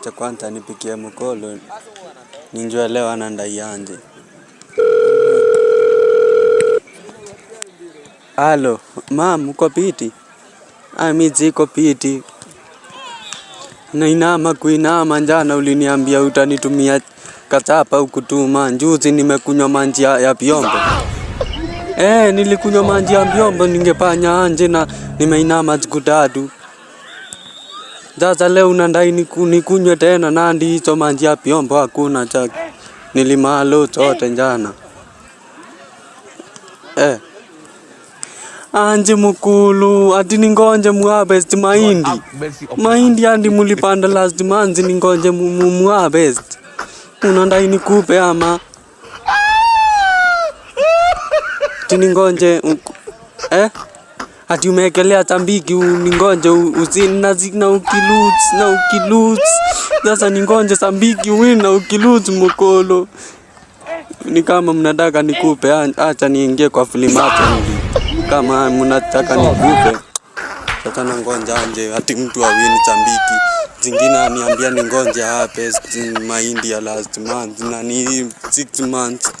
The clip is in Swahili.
cha kwanza nipikie mkolo ninjwelewa na ndai yanje. Halo mam, uko piti? Ami ah, ziko piti, nainama kuinama. Njana uliniambia utanitumia kachapa, ukutuma njuzi. Nimekunywa manji ya vyombo eh, nilikunywa manji ya vyombo, ningepanya anje na nimeinama siku tatu sasa leo unandai nikunywe tena nandi hicho manji ya piombo hakuna chaki. Nilimalo chote njana. Eh. Anji mukulu ati ningonje muabest mahindi. Mahindi andi mulipanda last month ningonje muabest. Unandai nikupe ama. Ati ningonje eh? Ati umeekelea tambiki uningonje usini na zina ukiluts na ukiluts. Sasa ningonje sambiki win na ukiluts mkolo. Ni kama mnataka nikupe, acha niingie kwa filimato hata kama mnataka nikupe. Sasa na ngonja anje ati mtu awini tambiki. Zingine aniambia ningonje hapa mahindi ya last month na ni 6 months.